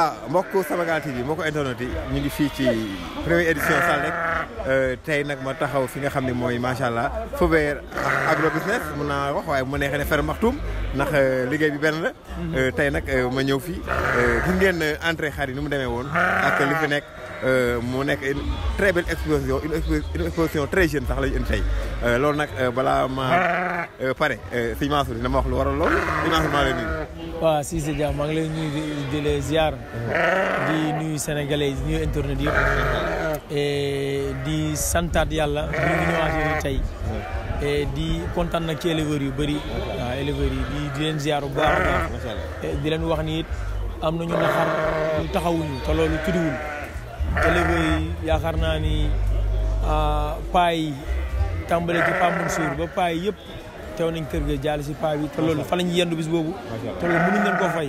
voilà mbokk Samagal TV mbokk internet yi ñu ngi fii ci première édition Saldek euh, tey nag ma taxaw fi nga xam ni mooy macha allah Fobert agro business mun naa wax waaye mu neexee ne ferme Maxtum ndax euh, liggéey bi benn la. Euh, tey nag ma ñëw fii gis ngeen entrée xar yi ni mu demee woon ak li Euh, mu nekk une très belle exposition une jeune sax la ñu indi euh, loolu nag euh, balaa ma pare sëñ Mansour dina ma wax lu waral loolu sëñ Mansour maa ngi lay nuyu. waaw Cissé Dia maa ngi lay nuyu di la ziar. di internet yëpp. di santaat yàlla. ñu tey. di kontaan nag ci éleveurs yu bëri. waaw éleveurs yi di di leen ziar bu baax a baax. di leen wax ni it am nañu naxar ñu taxawuñu te loolu délégué yi yaakaar naa ni ah, paa yi tàmbale ci Paa Mansour ba paa yi yëpp teew nañ kër ga jaal si paa bi te loolu fa lañ yendu bis boobu te loolu mënuñ leen koo fay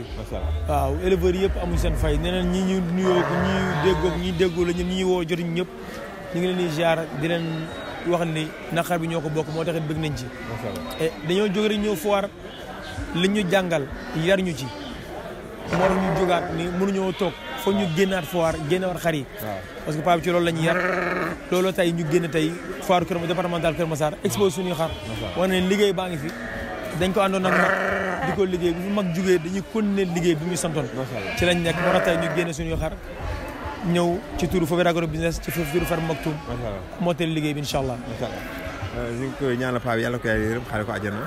waaw éleveurs yëpp amuñ seen fay neneen ñi ñu nuyoo ñi déggoo ñi déggoo la ñi ñi woo jotuñ ñëpp ñu ngi leen di ziar di leen wax ni naqar bi ñoo ko bokk moo taxit bëgg nañ ci eh, dañoo jóge rek ñëw foire li ñu jàngal yar ñu ci moo tax ñu jógaat ni mënuñoo toog foog ñu génnaat foire génnaat xar yi. parce que paa bi ci loolu la ñuy yar. loolu tey ñu génn tey foire Kër départemental Kër Massar expose suñuy xar. wane ne liggéey baa ngi fi. dañ ko àndoon ak mag di ko liggéey bu fi mag jugee dañuy continuer liggéey bi muy santoon. ci lañ nekk moo tax ñu génne suñuy xar. ñëw ci turu Fobir Agro Business ci turu Ferme Maktoum. macha moo teel liggéey bi incha allah. ñu ngi koy ñaanal paa bi yàlla ko yaay yërëm ko àjjana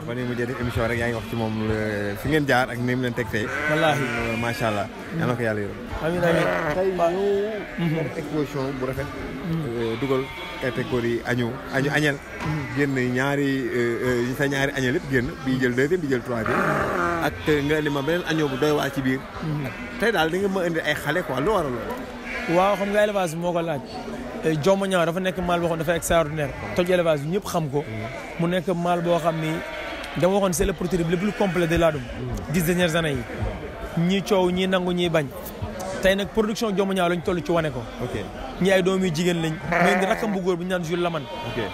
ndax ni mu def émission rek yaa ngi wax ci moom euh, fi ngeen jaar ak ni mu teg tee wallaahi euh, macha allah yàlla ko yàlla yërëm amiin amiin tey ñu exposition bu rafet mm-hmm. euh, dugal catégorie añu añu añel génn ñaari sa ñaari añel yëpp génn bii jël deuxième bi jël troisième mm-hmm. ak nga li ma beneen añoo bu doy waa ci biir mm-hmm. tey daal da nga ma indi ay xale quoi lu waral waaw xam nga élevage moo ko laaj Eh, Jomma ñaaw dafa nekk maal boo xam dafa extraordinaire toj élevage bi xam ko mu nekk maal boo xam ni dama waxoon c'est le prototype de laadum dix dernières années yi ñi coow ñi nangu ñi bañ tey nag production Jomma ñaaw lañ toll ci wane ko ñi ay doom yu jigéen lañ mais di rakkam bu bu ñu naan Laman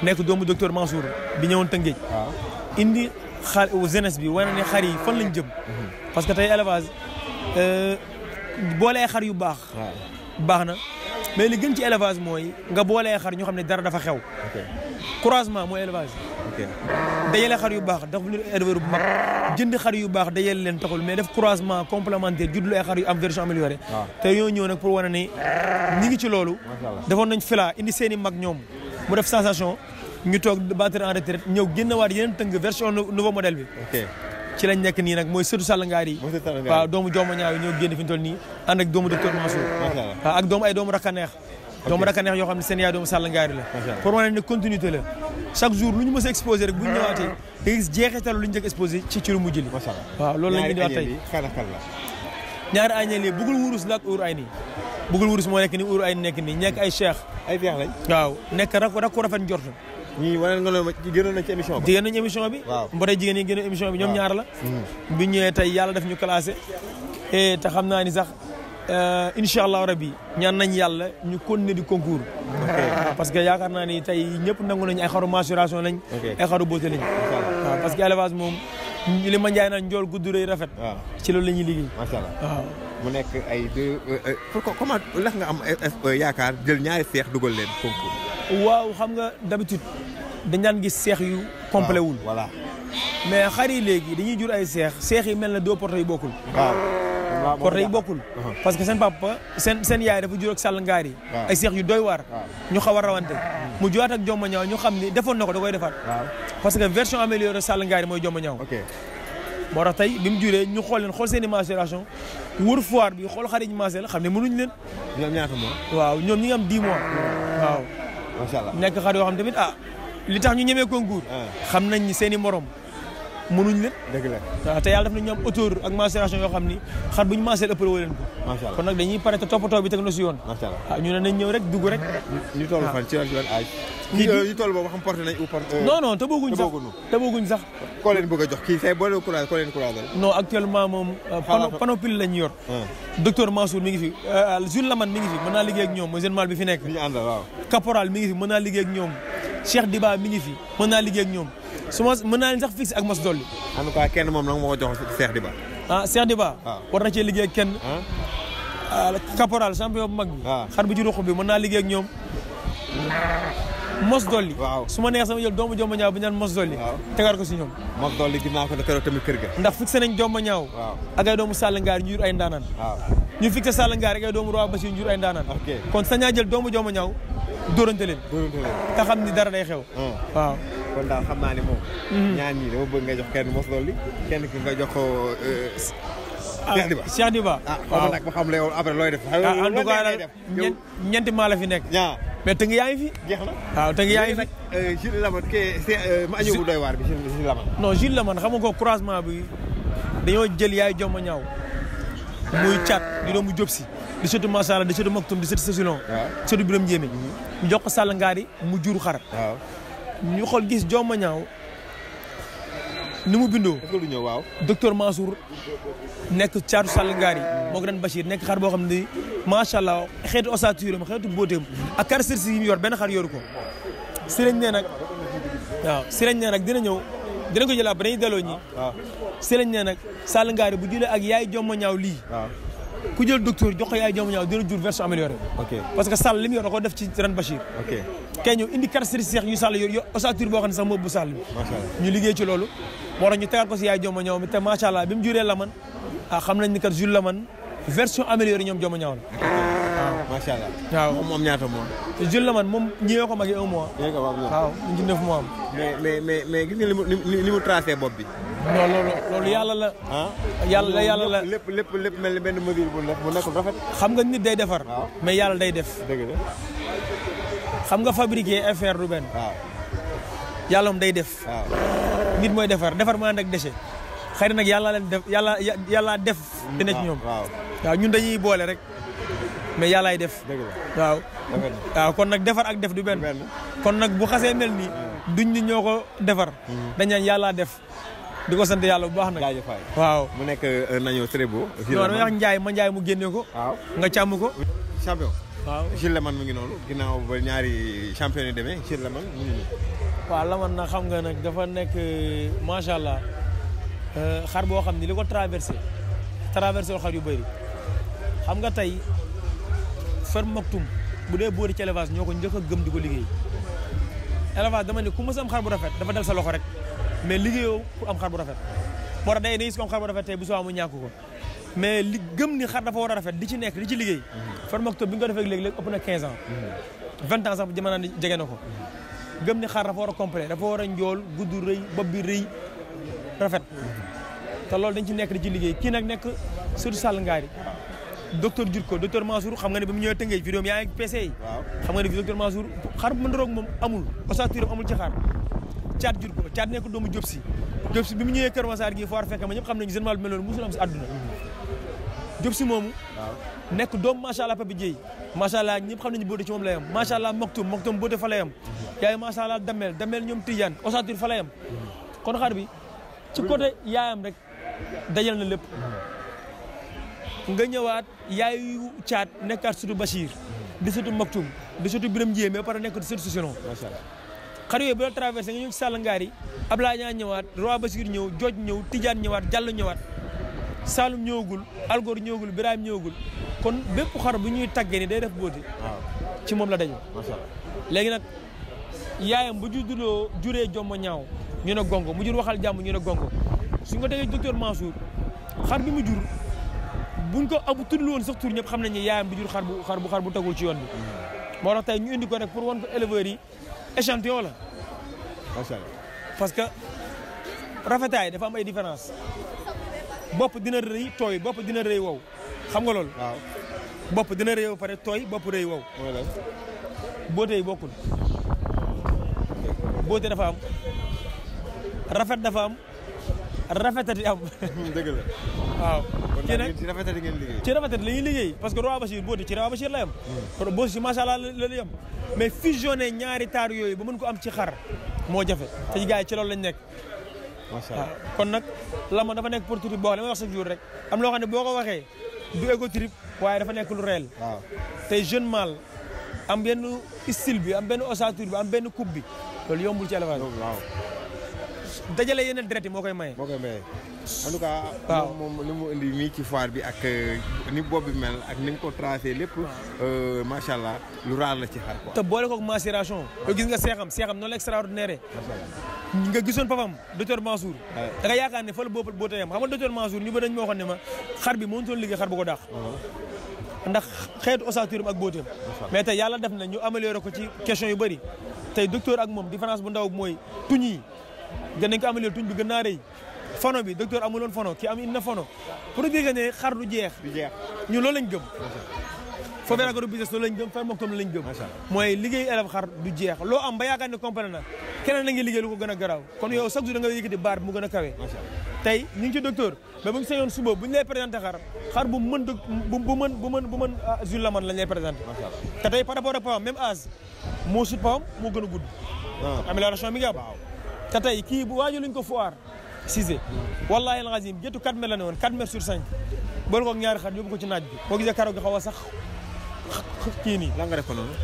nekk doomu docteur Mansour bi ñëwoon Tëngéej ah. indi xaar euh, jeunesse bi wane ne xar yi fan lañ jëm mhm. parce que tey élevage euh, boolee xar yu baax baax na mais li gën ci élevage mooy nga boolee xar ñu xam ne dara dafa xew. croisement mooy élevage. dajale xar yu baax daf lu éleveur bu mag jënd xar yu baax dajale leen taxul mais def croisement complémentaire juddlu ay xar yu am version améliorée. te ñoo ñëw nag pour wane ni ñi ngi ci loolu. defoon nañ fila indi seen i mag ñoom mu def sensation ñu toog battre en retraite ñëw génnawaat yeneen tëng version nouveau modèle bi. ci lañ nekk nii nag mooy sëtu sàllngaar yi waaw doomu jooma ñaaw yi ñoo génn fi ñu doomu docteur Mansour waaw ak doomu ay doomu rakkaneex doomu rakkaneex yoo xam ne seen yaay doomu sàllngaar yi la pour wane ne continuité la chaque jour lu ñu mës a exposé rek bu ñu lu ñu njëkk exposé ci ci lu mujj li waaw loolu lañ indi waat tey ñaari añeel yi bugul wurus la ak uur ay nii ni uur ay nekk nii nekk ay cheikh ay feex lañ waaw nekk rakku rafet njort ñii wane nga ne gënoon nañ ci bi. jigéen nañ émission bi. waaw mboolee jigéen yi gënoon émission bi ñoom ñaar la. Hmm. bu ñëwee tey yàlla daf ñu classé. Eh, te xam naa ni sax eh, incha allah rabi ñaan nañ yàlla ñu continuer di concours. parce que yaakaar naa ni tey ñëpp nangu nañ ay xaru maturation lañ. ay xaru beauté lañ. parce que élevage moom li ma njaay naan njool gudd rëy rafet. ci lool la ñuy liggéey. macha allah waaw. nekk ay deux euh, euh, nga am euh, yaakaar jël ñaari seex dugal leen concours. waaw xam nga d'habitude dañ daan gis seex yu complet wul voilà mais xar yi léegi dañuy jur ay seex seex yi mel na deux portes yu bokkul waaw portes yi bokkul uh-huh. parce que seen papa seen seen yaay dafa jur ak sàll ngaar yi ay seex yu doy waar ñu xaw a rawante mu jowaat ak jomba ñaaw ñu xam ni defoon na ko da koy defaat parce que version améliorée sal ngaar yi mooy jomba ñaaw moo tax tey bi mu juree ñu xool leen xool seen i maturation bi xool xar yi ñu xam ne mënuñ leen ñoom ñaata mois waaw ñoom ñi nga am 10 mois macha allah nekk xar yoo xam tamit ah li tax ñu ñemee concours. Ah. xam nañ ni seen i morom. mënuñ leen. dëgg la waaw te yàlla def na ñu yoo xam ni xar bu ñu mensé ëppale woo leen ko. macha allah kon nag dañuy pare na si ah, rek dugg rek. ñu toll fan ci wàllu âge. kii ñu toll boobu xam porte nañ ou porte. Euh, non non tëbooguñ sax tëbooguñ sax. koo leen bëgg a jox kii say boole courage koo leen courage non actuellement moom. Euh, panopile lañ ah. mi ngi fi euh, Jules mi ngi fi mën naa liggéey ak ñoom mooy jeune mal nekk. ñu àndal waaw. caporal mi ngi fi mën naa liggéey Diba mi ngi fi mën naa liggéey ñoom su ma mën naa leen sax fixé ak mas dolli. en tout cas kenn moom nag moo ko jox Cheikh Diba. ah Cheikh Diba. Ah. war na cee liggéey ak kenn. Ah. Ah, caporal champion bu mag bi. xar bu ci ruq bi mën naa liggéey ak ñoom. mos dolli. waaw su ma neex sama jël doomu jomba ñaaw bi ñaan mos dolli. waaw tegaat ko si ñoom. mos dolli ginnaaw ko keroog tamit kër ga. ndax fixé nañ jomba ñaaw. waaw ak ay doomu Sall Ngaar ñu jur ay ndaanaan. waaw ñu fixé Sall Ngaar ak ay doomu Roi Basi ñu jur ay ndaanaan. kon sañaa jël doomu jomba ñaaw dóorante leen. dóorante leen te xam ni dara day xew. Hmm. waaw kon daal xam naa ne moom. Mhm. ñaan ñii dama bëgg nga jox kenn mos loolu kenn ki nga jox ko. Euh, ah, Cheikh Diba Cheikh Diba. ah waaw looy def. Ah, en la fi nekk. waaw mais tënk yaa ngi fi. jeex na waaw tënk yaa ngi euh, euh, bi Jules Lamane. yaay jomma ñaaw muy cat di doomu si. di sëtu Masala di sëtu Maktum di sëtu Sasulon. waaw sëtu Biram mhm. ko Ngaari mu jur xar. ñu xool gis jomma ñaaw ni mu bindoo. waaw docteur Mansour nekk caatu Sall ngaar yi. moo ko daan Bachir nekk xar boo xam ne macha allah xeetu ossature am xeetu booteem ak caractéristique yi mu yor benn xar yoru ko. sëriñ ne nag waaw sëriñ ne nag ñëw dina ko jëlaat ba dañuy delloo ñi. waaw ah. sëriñ nag Sall ngaar bu jëlee ak yaay jomma ñaaw lii. Ah. ku jël docteur jox ko yaay jomma ñaaw dina jur version améliorée. parce que sal li mu yor da ko def ci ren Bachir. ok. kay ñëw indi caractéristique yu Sall yo ossature boo xam ne sax moo bu Sall bi ñu liggéey ci loolu moo tax ñu tegaat ko si yaay joma ñaaw mi te macha allah bi mu laman ah xam nañ ni kat jur laman version améliorée ñoom joma ñaaw la ah, macha allah waaw moom moom ñaata mois. te Jules Lamane moom ñëwee ko mag yi un mois. waaw ñu ci neuf mois am. mais mais mais mais gis li mu li mu tracé bopp bi. non loolu loolu la. yàlla yàlla la ah. lépp lépp lépp mel ni benn mesure bu nekk bu rafet. xam nga nit day defar. mais yàlla day def. dëgg la. xam nga fabriquer affaire du benn. waaw day def. nit mooy defar defar mu ànd ak déchet. xëy na nag yàlla leen def yàlla yàlla def. dina ci ñoom waaw ñun dañuy boole rek. mais yàllaay def. waaw. kon nag defar ak def du benn. kon nag bu xasee mel nii. Mm. du ni ñoo ko defar. Mm-hmm. dañaan naan def. di ko sant yàlla bu baax nag. waaw mu nekk un euh, agneau très beau. non da njaay ma njaay mu génne ko. nga càmm ko. champion. waaw Gilles man mu ngi noonu ginnaaw ba ñaari champion yi demee Gilles Lamane mu ngi nii. waaw Lamane na xam nga nag dafa nekk macha allah euh, xar boo xam ni li ko traversé traversé wul xar yu bëri xam nga tey ferme Maktoum bu dee boori ci ñoo ko njëkk a gëm di ko liggéey élevage dama ne ku mës am xar bu rafet dafa dal sa loxo rek mais liggéeyoo ku am xar bu rafet moo tax day gis ko am xar bu rafet tey bu soo mu ñàkk ko. mais li gëm ni xar dafa war a rafet di ci nekk di ci liggéey. Mhm. Farmacto bi nga ko defee léegi-léegi ëpp na 15 ans. 20 mhm. ans sax jamono na ko. Mhm. gëm ni xar dafa war a complet dafa war a njool gudd rëy bopp bi rëy rafet. te loolu dañ ci nekk kii nag nekk Sëriñ Sall Ngaari docteur Djurko docteur Mansour xam nga ne ba mu ñëwee Tëngéej PC yi. xam nga ne docteur Mansour xar bu ma ndoroog amul ossature amul ci xar. caat Djurko caat nekk bi mu ñëwee Kër Massar gii foo war fekk ma ñëpp xam nañu Diop si moomu nekk doom macha allah Pape Dieye macha allah ñëpp xam nañu bóote ci moom la yam Moktum Moktum fa yam yaay Damel Damel nyom Tidiane osatir fa la yam kon xar bi ci côté yaayam rek dajal na lépp nga ñëwaat yaayu caat nekkaat sudu Bachir di surtout Moktum di surtout Biram Dieye mais pare nekk sudu surtout Soussino macha allah la traversé nga ci ñëwaat Roi ñëw ñëw Tidiane Saalum ñëwagul Algoor ñëwagul Birame ñëwagul kon bépp xar bu ñuy taggee ni day def bóoti ci moom la dañu léegi nag yaayam bu judduloo juree jomma ñaaw ñu ne gongo mu jur waxal jàmm ñu ne gongo suñ ko tegee docteur Mansour xar bi mu jur buñ ko abu tuddul woon sax tur ñëpp xam nañ ne yaayam bu jur xar xar bu xar bu tagul ci yoon bi mm-hmm. moo tax tey ñu indi ko rek pour wan ko éleveurs yi échantillon la parce que rafetaay dafa am ay différence bopp dina rëy tooy bopp dina rëy wow xam nga loolu. bopp dina rëy ba pare tooy bopp rëy wow. boote yi bokkul boote dafa am rafet dafa am rafetati am. dëgg la waaw. kii nag ci rafetati ngeen liggéey. ci rafetati la ñuy liggéey parce que roi Bachir boote ci roi Bachir la yam. Hmm. boote ci macha allah la la yam. mais fusionner ñaari taar yooyu ba mën ko am ci xar moo jafe. te gars ci loolu lañ nekk. macha allah ah, kon nag lamb dafa nekk pour tuuti boo xam ne ma wax jour rek am loo xam ne boo ko waxee du égo trip waaye dafa nekk lu réel. waaw tey jeune mâle am benn style bi am benn ossature bi am benn coupe bi loolu yombul ci dajale yeneen direct mo koy maye. mo koy maye en tout cas. mom moom li indi mi ci foire bi ak ni bobu mel ak ni ko tracer lépp. macha allah lu ral la ci xar quoi. te boole koog macération. yow gis nga seexam seexam non la extraordinaire. nga gisone papam docteur Mansour. da nga yakane fa la boobu boo teyam xam nga docteur Mansour ni ba dañ mo xone ma xar bi mo ton ligue xar bu ko dakh ndax xet ossature ak botem mais tay yàlla def na ñu amélioré ko ci question yu bari tay docteur ak mom différence bu ndaw mooy tuñ yi dinañ ko amalé tuñ bi gëna naa fono bi docteur amulon fono ki am inna fono pour dire ne xar du jeex ñu lo lañ gëm fo vera gëru du business loolu lañ gëm fer moktom lañ gëm moy liggéey élève xar du jeex lo am ba yaaka ne comprendre na la ngi liggéey lu ko gëna graw kon yow chaque jour da nga yëkëti baar mu gëna kawé tay ñu ci docteur ba bu ñu sañoon suba bu ñu lay présenter xar xar bu mën bu bu mën bu mën bu mën zul ah, lamane lañ lay présenter ta tay par rapport ak pawam même âge mo sut pawam mo gëna gudd ah. amélioration mi nga te tey kii bu waaju luñ ko foire Cissé wallahi alazim géttu 4 mètres la ne woon 4 mètres sur 5 boole ko ñaari xar yóbbu ko ci naaj bi boo gisee karo gi sax kii nii lan nga def ko noonu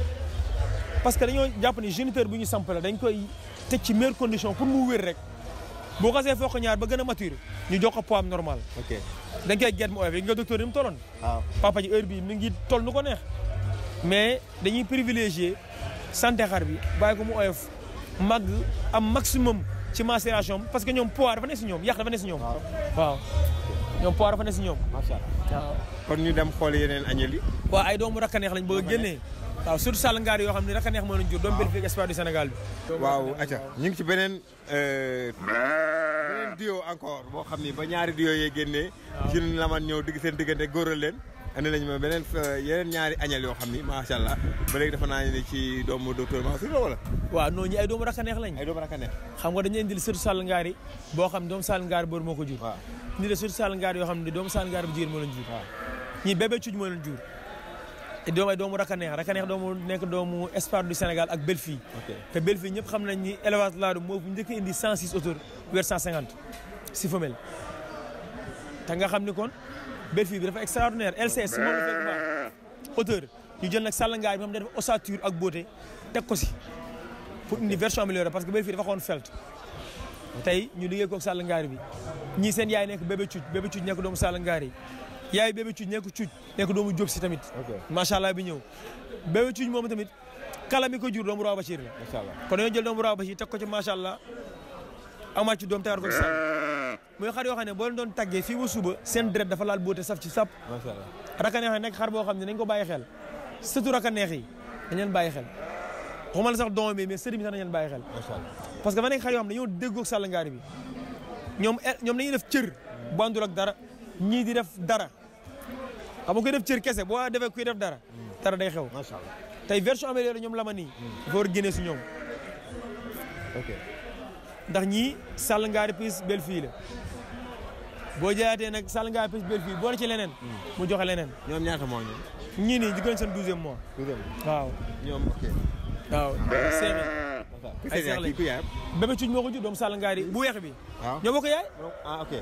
parce que dañoo jàpp ni géniteur bu ñu samp la dañ koy teg ci meilleure condition pour mu wér rek boo xasee foo ko ñaar ba gën a mature ñu jox ko poids normal ok dañ koy get mu oyof nga docteur ni mu toloon waaw mi ngi tol nu ko neex mais dañuy privilégier santé xar bi bàyyi ko mu oyof màgg am maximum ci macération parce que ñoom poids dafa ne si ñoom yàq dafa ne si ñoom. waaw ñoom poids dafa ne si ñoom. macha allah kon ñu dem xool yeneen añel yi. waaw ay doomu rakkaneex lañ bëgg a génnee. waaw surtout ngaar yo xam ne rakkaneex moo leen jur. waaw doomu bénéfique espoir du Sénégal bi. waaw acca ñu ngi ci beneen. Euh, beneen duo encore boo xam ni ba ñaari duo yee génnee. waaw ci lañ la mën ñëw digg seen diggante góoral leen. andi nañu ma beneen euh, yeneen ñaari añal yoo xam ni macha allah ba léegi dafa naa ni ci doomu docteur Mansour la wala. waaw non ñi ay doomu rakkaneex lañ. ay doomu rakkaneex. xam nga dañuy indil sëtu Sall Ngaari Ngaari boobu moo ko jur. waaw Ngaari yoo xam ne doomu Sall Ngaari bu jigéen moo leen jur. waaw ñii bébé cuuj moo leen jur. te doom ay doomu rakkaneex rakkaneex doomu nekk doomu Espoir du ak Belfi. te Belfi ñëpp xam nañ ni élevage laadum moo bu njëkk indi 106 hauteur 850 si femelle te nga xam ni berfi bi dafa extraordinaire LCS si moom la fekk baax auteur ñu jël nag sàllangaay bi moom dafa ak beauté teg ko si pour indi version améliorée parce que berfi dafa xawoon felt tey ñu liggéey kook sàllangaar bi ñii seen yaay nekk bébé cuuj bébé cuuj nekk doomu sàllangaar yi yaay bébé cuuj nekk cuuj nekk tamit macha allah bi ñëw bébé cuuj moom tamit kala mi ko jur doomu raaw Bachir la kon dañoo jël doomu raaw teg ko ci macha allah amaat ci doom mooy xar yoo xam ne boo leen doon tàggee fii ba suba seen deret dafa laal boote saf ci sap. macha allah rakaneex yi nekk xar boo xam ne dañ ko bàyyi xel surtout rakaneex yi dañ leen bàyyi xel waxuma la sax doom bi mais sëriñ bi sax dañ leen bàyyi xel. macha allah parce que fa nekk xar yoo xam ne dañoo déggoog sàllangaari bi ñoom ñoom dañuy def cër bu àndul ak dara ñii di def dara xam nga koy def cër kese boo defee kuy def dara dara day xew. macha allah tey version améliorée ñoom la ma nii. dafa war a génne si ñoom. ok ndax ñii sàll ngaari piis bel fii la boo jaayaatee nag sàll ngaa pêche belle fii boole ci leneen. Mm. mu joxe leneen. ñoom ñaata moo ñu. ñii nii seen douzième mois. douzième waaw. ñoom ok. waaw ah. seex yi. ay seex lañ ku yaayam. bébé cuuj ju doomu sàll ngaa bu weex bi. waaw ah. ñoo bokk yaay. ah ok.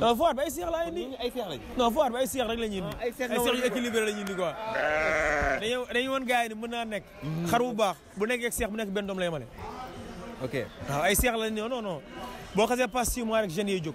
non foire bi laa indi. ay seex lañ. non foire bi seex rek la ñuy indi. Ah, ay seex la ñuy indi quoi. dañoo dañu woon gars yi ni mën naa nekk. Mm. xar bu baax bu nekk ak seex bu nekk benn doom lay male. ok waaw ay seex lañ non non boo xasee passe mois rek jeunes yi jóg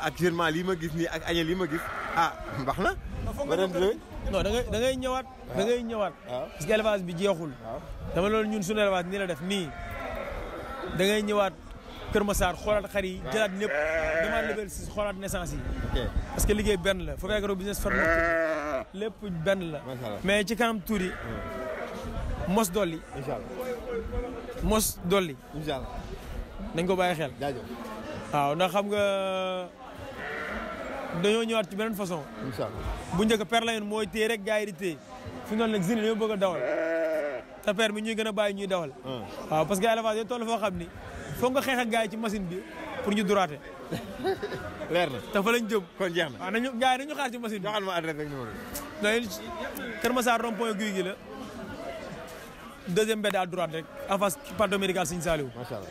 actuellement lii ma gis nii ak aña lii ma gis ah baax na. beneen bi non da ngay da ngay ñëwaat. da ngay ñëwaat. waaw parce que élevage bi jeexul. dama loolu ñun suñu élevage nii la def nii da ngay ñëwaat Kër Massar xoolaat xar yi jëlaat ñëpp demaat level si xoolaat naissance yi. parce que liggéey benn la foog agro business farm lépp benn la. mais ci kanam tuuti mos dolli. incha allah mos dolli. incha allah nañ ko bàyyi xel. jaajëf. waaw ndax xam nga dañoo ñëwaat ci beneen façon. incha bu njëkk per la yoon mooy téye rek gars yi di téye fi mu a dawal te per bi ñuy gën a bàyyi ñuy dawal. Ah. waaw parce que élevage yooyu toll foo xam ni foog nga xeex ak yi ci machine bi pour ñu duraate. leer na te fa lañ jëm. kon jeex na waaw nañu gars yi nañu xaar ci machine bi. joxal ma adresse ak numéro bi. léegi gi la. deuxième mbedd à droite rek en face parc médical Serigne Saliou. macha allah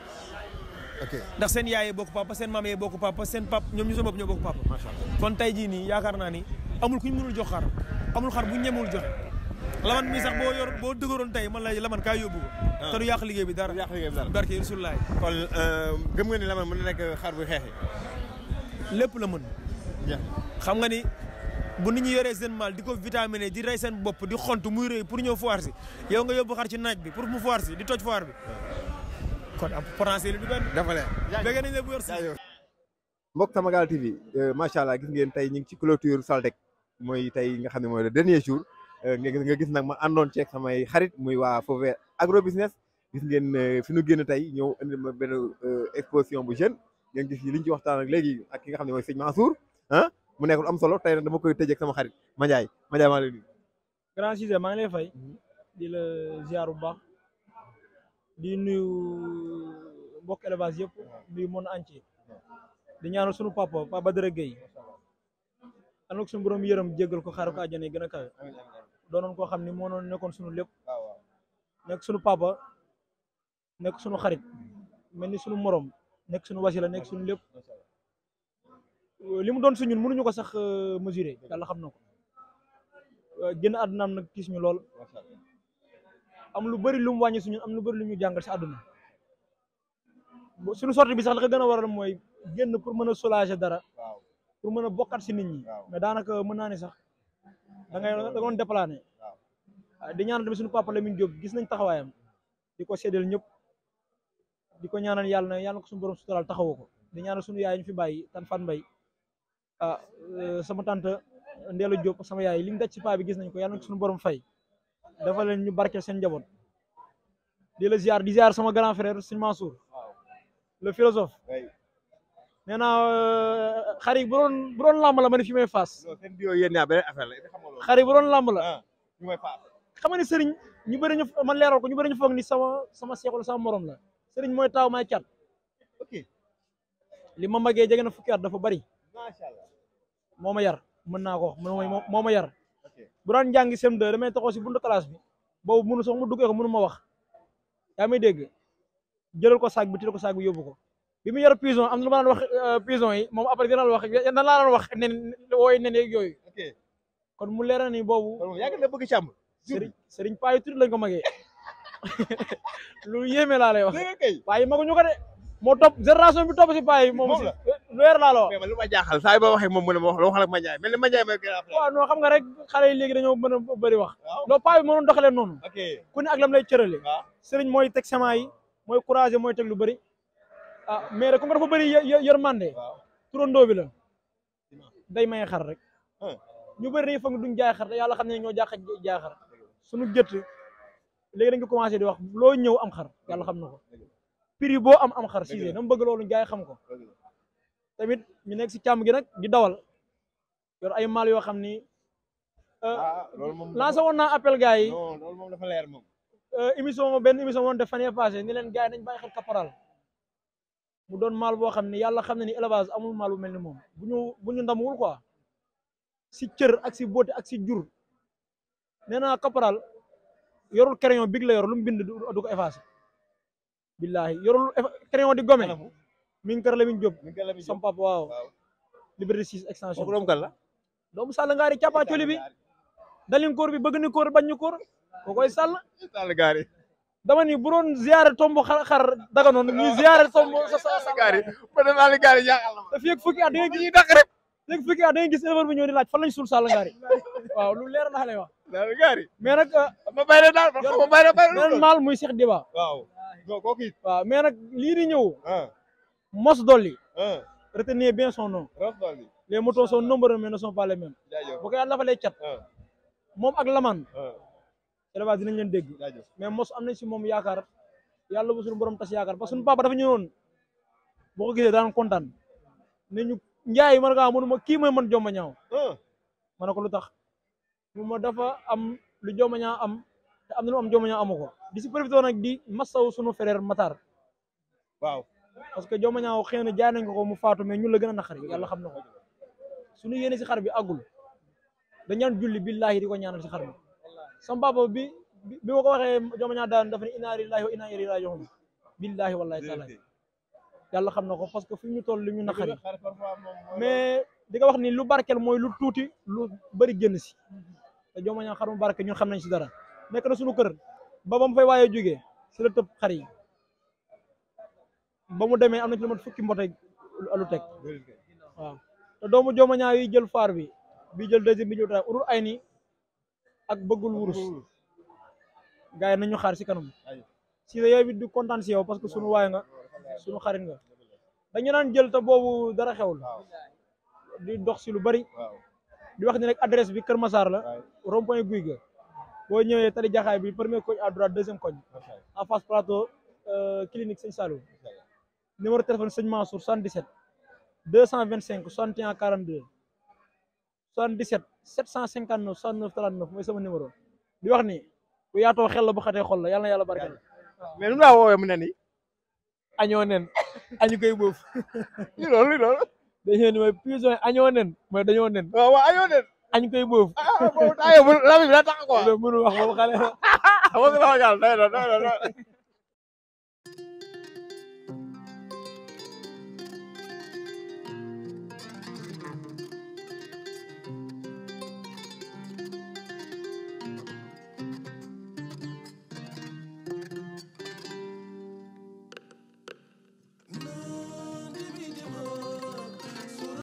ndax seen yaay yee bokk papa seen maam yee bokk papa seen pap ñoom ñu seen bopp ñoo bokk papa kon tey jii nii yaakaar naa amul kuñ mënul jox amul xar bu ñemul joxe laman mii sax boo yor boo dëgëroon tey man la laman kaa yóbbu ko ah. te du yàq liggéey bi dara barke rasulullaay kon euh, gëm nga na nekk xar bu xeexi lépp la mën xam nga ni bu nit ñi yoree seen maal di ko vitaminé di rey seen bopp di xont muy rëy pour ñëw foire si yow nga yóbbu xar ci naaj bi pour mu foire si di toj foire bi ah. kon am potentiel du benn. dafa leer bëgg TV euh, macha gis ngeen tey ñu ngi ci clôture Saldek mooy tey nga xam ne mooy le dernier jour euh, nga gis nag ma àndoon ceeg samay xarit muy waa Feu Vert agro business gis ngeen euh, fi nu génn tey ñëw indi ma benn exposition bu jeune ngeen gis li ci waxtaan ak léegi ak ki nga xam ne mooy sëñ Mansour ah mu nekk lu am solo tey nag dama koy tëjee ak sama xarit Mandiaye Mandiaye maa ngi lay nuyu. grand Cissé maa ngi fay. Mhm. di la ziar bu baax di nuyu bok élevage yépp nuyu monde entier di ñaanal sunu papa Papa Badara gey anok suñu borom yërëm jéggal ko xaru ko àjjana gëna gën a kawe doonoon koo xam ni moo noon nekkoon sunu lépp sunu papa nek sunu xarit melni suñu sunu morom nek sunu wasila nek sunu lepp limu don suñu mënuñu ko sax euh, mesurer yalla xam na ko euh, génn àddunaam ñu lool am lu bari lu mu wàññi am lu bari lu ñu jàngal ci aduna suñu sorti bi sax la gëna waral moy genn pour mëna soulager dara pour mëna bokkat ci nit ñi mais danaka mëna ni sax da ngay da ngon déplané ah, di ñaanal tamit suñu papa Lamine Diop gis nañ taxawayam di ko ñëpp di ko ñaanal yalla na yalla ko suñu borom sutural taxawoo di ñaanal suñu yaay ñu fi bayyi tan fan bay ah euh, sama tante Ndeela Diop sama yaay li dacc ci paa bi gis nañ ko yalla ko suñu borom fay dafa leen ñu barké seen njaboot di la ziar di ziar sama grand frère Sëñ Mansour le philosophe nee naa xar eh, yi bu doon bu doon làmb la ma fi may fas sen bio yenn ya beneen affaire la xam nga xar bu doon làmb la. ñu may fas xam nga ni ñu bari ñu man leeral ko ñu bari ñu fogg ni sama sama cheikh wala sama morom la serigne moy taw may cat. ok li ma magge jege fukki at dafa bari. machallah moma yar mën na ko wax moo ma yar. bu daan njàngi sem 2 damay taxo ci buntu classe bi boobu mënu sax mu duggee ko mënu ma wax yaa may dégg. jëlal ko saag bi teel ko saag bi yóbbu ko bi mu yor prison am na lu ma daan wax euh, prison yi moom après wax nan laa daan wax nen wooy nen yeeg yooyu kon mu leer na ni boobu yàgg na bëgg càmm sëriñ sëriñ paa lañ ko magee lu yéeme laa lay wax paa yi maguñu ko de moo topp génération bi topp si paa yi moom lu leer laa la wax lu ma jaaxal saa yi ba waxee moom mu ne ma wax loo xam nga rek xale yi léegi dañoo mën a bëri wax non paa yi mënoon doxalee noonu ku ne ak lam lay cërale sëriñ mooy teg semence yi mooy courage mooy teg lu bari ah mais rek comme dafa bari bëri yërmande turandoo bi la day may xar rek ñu bëri dañuy foog duñ jaay xar te yàlla xam ne ñoo jaax jaay xar suñu jët léegi dañ ko commencé di wax loo ñëw am xar yàlla xam na ko prix boo am am xar Cissé dama bëgg loolu jaay xam ko tamit ñu nekk si càmm gi nag di dawal yor ay maal yoo xam ni euh, ah, lancé woon naa appel gars yi loolu moom dafa leer moom Eh, émission ben émission woon def fan yee passé ni len gaay nañ baye xel caporal mu doon mal bo xamni yalla xamni ni élevage amul mal bu melni mom buñu buñu ñu bu quoi ci cieur ak ci boti ak ci jur néna caporal yorul crayon big la yor lu mu bind du ko effacer billahi yorul crayon di gomé mi ngi kër Lamine job sam papa waaw liberté 6 extension kan doomu sàll ngaari càppaa coli bi dalin koor bi bëgg ni koor bañ koor kookoy sàll. sàll gaari. dama ni bu doon tomb xar xar daganoon ñuy ziare tomb sa sa sa gaari ba na ma. te fii ak fukki at da gis dàq rek. fii ak fukki at ñëw di laaj fan suul sàll gaari waaw lu leer la lay wax. mais na euh, daal ma bay na bay na loolu maal muy Cheikh Diba. waaw non kooku it. waaw mais nag lii di ñëw. Ah. mos dolli. Ah. retenez bien son nom. les motos sont nombreux mais ne sont pas les mêmes. bu ko yàlla ah. moom ak lamaan. élevage dinañ leen dégg mais mos amna ci si yaakar yalla bu suñu borom tass yaakar parce que suñu papa dafa ñu noon boo ko gisee daan kontan ne ñu njaay man ngaa ma ki moy man jomba ñaaw ah. ko lutax mu ma dafa am lu jomba ñaaw am te am lu am jomba ñaaw amuko di ci profito nak di massaw suñu frère Matar waaw parce que jomba ñaaw xéena na jaay nañ ko mu faatu mais ñu la gëna a yalla xam na ko suñu yene ci xar bi dañ ñaan julli billahi diko ñaanal si xar bi sama papa bi bi ma ko waxee joma ñaa dafa ne inna lillahi wa inna ilayhi raji'un billahi wallahi taala yàlla xam na ko parce que fi ñu toll li ñu naqari mais di nga wax ni lu barkeel mooy lu tuuti lu bari génn si te joma ñaa xarum barke ñun xam nañ si dara nekk na suñu kër ba ba mu fay waaye jógee si la tëb xar ba mu demee am na ci lu mat fukki mbote lu teg waaw te doomu joma yi jël faar bi bi jël deuxième bi jël ta urul ay ni ak bëggul wurus gaay nañu xaar si kanam Cissé yow bi du contane ci yow parce que sunu waay nga sunu xarit nga dañu nan jël ta bobu dara xewul di dox ci lu bari di wax ni rek adresse bi keur Massar la rond-point guy ga boo ñëwee tali jaxay bi premier coin à droite deuxième coin en face plateau euh, clinique seigne salou numéro téléphone seigne Mansour 77 225 61 42 77 759 69 39 mooy sama numéro di wax ni ku yaatoo xel la bu xatee yàlla yàlla barkeel mais nu laa woowee mu ne nii. añoo nen añu koy boof. lii loolu lii loolu. dañoo ne mooy pigeon añoo nen mooy dañoo nen. waaw waaw añoo nen. añ koy boof. ah boobu ayoo bu la bi daa